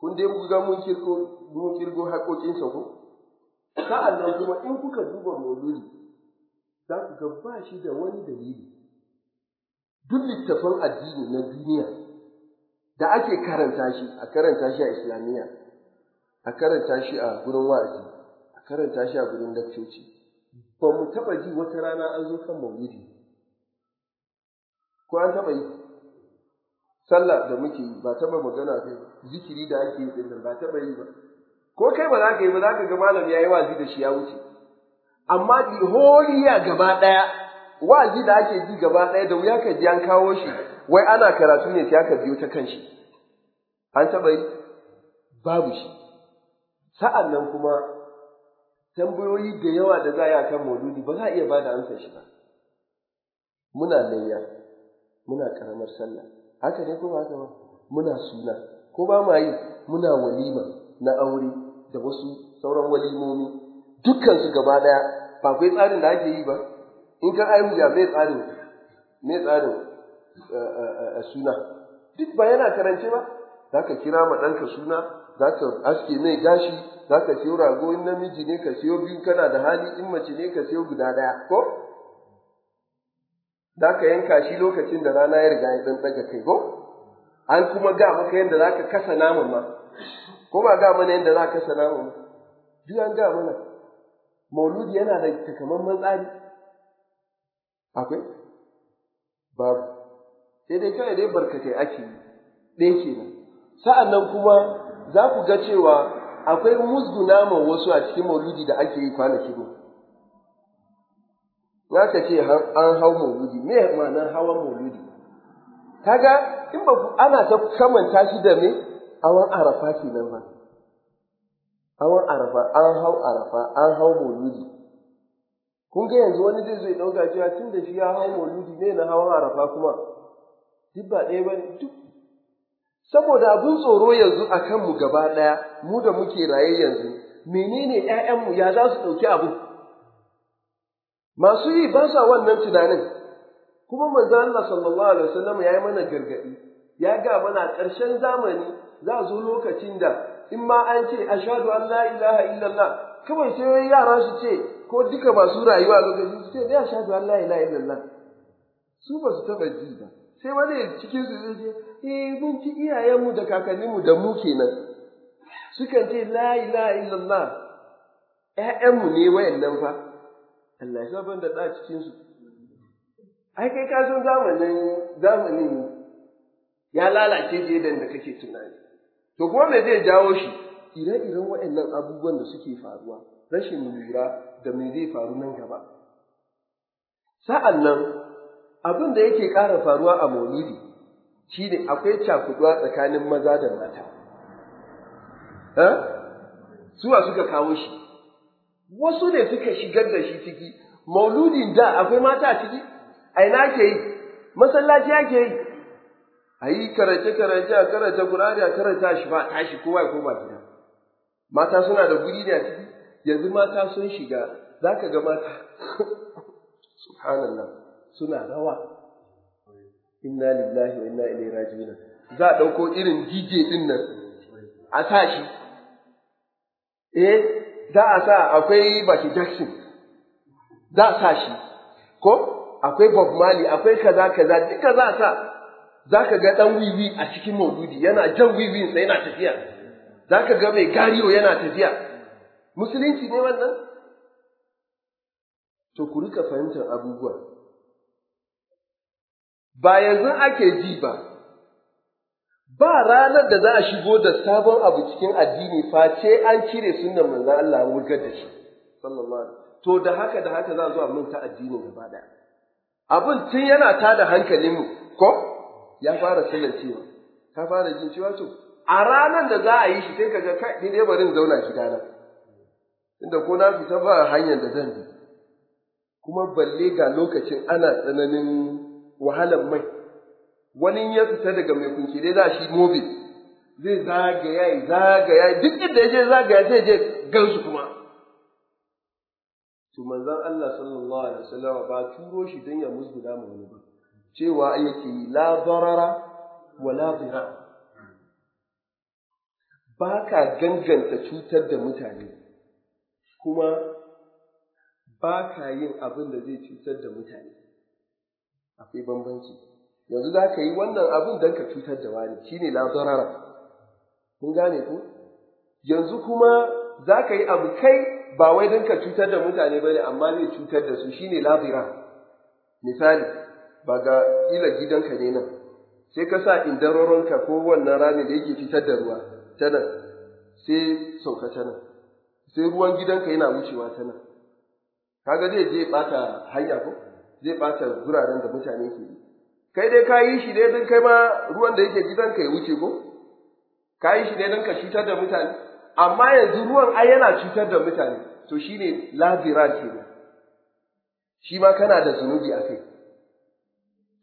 kun dai kuga mun kirko mun kirgo haƙoƙinsa ko sa'an nan kuma in kuka duba mauludi za ku ga ba shi da wani dalili duk littafan addini na duniya da ake karanta shi a karanta shi a islamiyya a karanta shi a gurin wa'azi a karanta shi a gurin dakcoci ba mu taɓa ji wata rana an zo kan maulidi ko an taɓa yi sallah da muke yi ba taɓa magana kai zikiri da ake yi din ba taɓa yi ba ko kai ba za ka yi ba za ka ga malam ya yi wazi da shi ya wuce amma dihoriya gaba ɗaya wazi da ake ji gaba ɗaya da wuya ka ji an kawo shi wai ana karatu ne sai aka biyo ta kan shi an taɓa yi babu shi sa'an nan kuma tambayoyi da yawa da za a yi a kan maududi ba za a iya ba da amsa shi ba muna layya muna karamar sallah haka ne ko ba haka ba muna suna ko ba ma yi muna walima na aure da wasu sauran walimomi dukkan gaba daya ba kai tsarin da ake yi ba in ka ayi ya mai tsarin mai tsarin eh, eh, suna duk ba yana karance ba za ka kira ma ɗanka suna za ka aske mai gashi za ka siyo rago in namiji ne ka siyo biyu kana da hali in mace ne ka siyo guda ɗaya ko za ka yanka shi lokacin da rana ya riga ya ɗan ɗaga kai ko? An kuma ga maka yadda za ka kasa naman ma, ko ba ga mana yadda za ka kasa naman ma, duk an ga mana. Mauludi yana da takamaiman tsari, akwai? Babu, sai dai kawai dai barkatai ake ɗaya kenan. Sa'an nan kuma za ku ga cewa akwai musguna ma wasu a cikin mauludi da ake yi kwanaki ne. ya ta ce an hau mauludi me ma'anar hawan mauludi kaga in ba ana ta kamanta shi da me Awan arafa nan ba Awan arafa an hau arafa an hau mauludi kun ga yanzu wani zai zo dauka cewa tun da shi ya hau mauludi ne na hawan arafa kuma duk ba ɗaya ba duk saboda abun tsoro yanzu a kanmu gaba ɗaya mu da muke raye yanzu menene ƴaƴanmu ya za su ɗauki abu masu yi ba sa wannan tunanin kuma manzo Allah sallallahu alaihi wasallam ya yi mana gargadi ya ga mana ƙarshen zamani za zo lokacin da in ma an ce ashhadu an la ilaha illallah kawai sai yara su ce ko duka masu rayuwa lokacin su ce ne ashhadu an la ilaha illallah su ba su taba ji ba sai wani cikin su zai ce eh mun ci iyayenmu da kakanninmu da mu kenan sukan ce la ilaha illallah ƴaƴanmu ne wayannan fa Allah ya ban da ɗa cikin su. Ai kai ka zamanin zamanin ya lalace je da kake tunani. To kuma me zai jawo shi? Ire-iren waɗannan abubuwan da suke faruwa, rashin lura da me zai faru nan gaba. Sa'an nan, abin da yake ƙara faruwa a maulidi shi ne akwai cakuduwa tsakanin maza da mata. Eh? Suwa suka kawo shi, wasu ne suka shigar da shi ciki mauludin da akwai mata a ciki a ina ke yi masallaci ake yi a yi karance karance a karanta kurari a karanta shi ba tashi kowa ko ba gida mata suna da guri ne a ciki yanzu mata sun shiga za ka ga mata subhanallah suna rawa inna lillahi wa inna ilaihi raji'un za a ɗauko irin DJ din nan a sa shi eh za a sa akwai Baki Jackson za a sa shi ko akwai Bob Marley akwai kaza kaza duka za a sa za ka ga dan wiwi a cikin maududi yana jan wiwinsa yana tafiya za ka ga mai gariyo yana tafiya musulunci ne wannan to ku rika fahimtar abubuwa ba yanzu ake ji ba ba ranar da za a shigo da sabon abu cikin addini face an cire sunan manzon Allah wurgar da shi sallallahu alaihi to da haka da haka za a zo a manta addinin gaba daya abin tun yana tada hankalin mu ko ya fara salancewa ka fara jin cewa to a ranar da za a yi shi sai ka ga kai dai barin zauna zauna gidana inda ko na fita ba hanyar da zan bi kuma balle ga lokacin ana tsananin wahalar mai wani ya fita daga mai kunci dai za shi mobil zai zagaya ya zagaya duk inda ya je zagaya zai je gansu kuma to manzon Allah sallallahu alaihi wasallam ba turo shi dan ya musguda mu wani ba cewa yake la darara wa la dhira ba ka ganganta cutar da mutane kuma ba ka yin abin da zai cutar da mutane akwai bambanci yanzu za ka yi wannan abin don ka cutar da wani shine la zarara kun gane ku yanzu kuma za ka yi abu kai ba wai don ka cutar da mutane ba ne amma zai cutar da su shine la zira misali ba ga ila gidanka ne nan sai ka sa indaroronka ko wannan rami da yake fitar da ruwa ta nan sai sauka ta nan sai ruwan gidanka yana wucewa ta nan kaga zai je bata hanya ko zai bata guraren da mutane ke yi kai dai ka yi shi ne don kai ma ruwan da yake ka ya wuce ko ka yi shi ne don ka cutar da mutane amma yanzu ruwan ai yana cutar da mutane to shi ne labirat ne. shi ma kana da zunubi a kai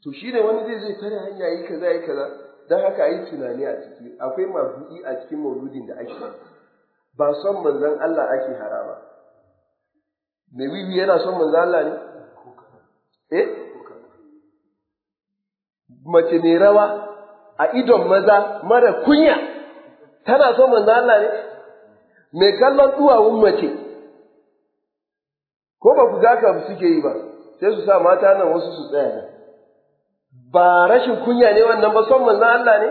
to shi ne wani zai zai tare hanya yi kaza yi kaza don haka yi tunani a ciki akwai mabu'i a cikin mauludin da ake ba son manzan Allah ake harama Mai wiwi yana son manzan Allah ne eh mace mai rawa a idon maza mara kunya tana so manzo Allah ne mai kallon duwawun mace ko ba ku ba suke yi ba sai su sa mata nan wasu su tsaya nan ba rashin kunya ne wannan ba son manzo Allah ne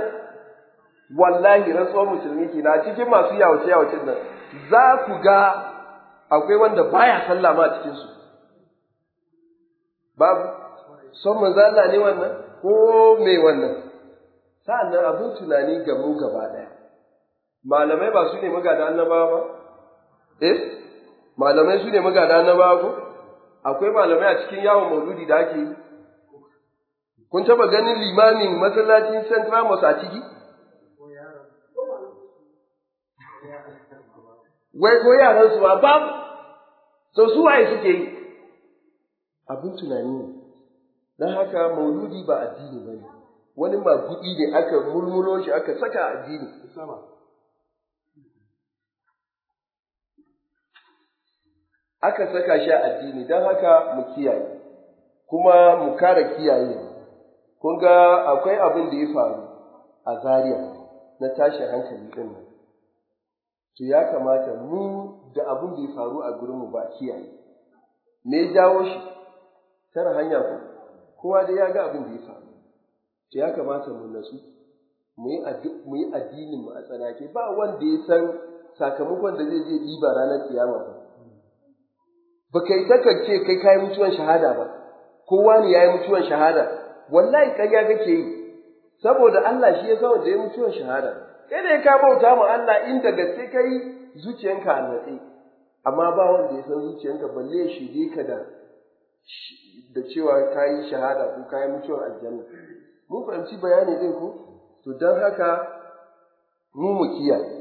wallahi rantsuwar musulmi ke na cikin masu yawace yawacin nan za ku ga akwai wanda baya sallama a cikinsu babu son manzo Allah ne wannan ko me wannan sa'an nan abin tunani ga mu gaba ɗaya malamai ba su ne magada annabawa ba eh malamai su ne magada annabawa ko akwai malamai a cikin yawon mauludi da ake yi kun taba ganin limamin masallacin St. Ramos a ciki? Wai ko yaran su ba babu, so su waye suke yi? Abin tunani ne. don haka mauludi ba addini ba ne wani magudi ne aka mulmulo shi aka saka addini aka saka shi addini don haka mu kiyaye kuma mu kara kiyaye kun ga akwai abin da ya faru a Zariya na tashi hankali ɗin nan to ya kamata mu da abin da ya faru a gurinmu ba kiyaye me jawo shi tara hanya ku kowa dai ya ga abin da ya faru to ya kamata mu nasu mu yi addinin mu a tsanake ba wanda ya san sakamakon da zai je ɗiba ranar kiyama ba ba kai ta ce kai kayi mutuwan shahada ba kowa ne yayi mutuwan shahada wallahi ƙarya kake yi saboda Allah shi ya san da ya mutuwan shahada kai da ka bauta ma Allah inda gaske kai zuciyanka a natse amma ba wanda ya san zuciyanka balle ya shige ka da da cewa ka yi shahada ko ka yi mutuwar aljanna mun fahimci bayani din ko to don haka mu mu kiyaye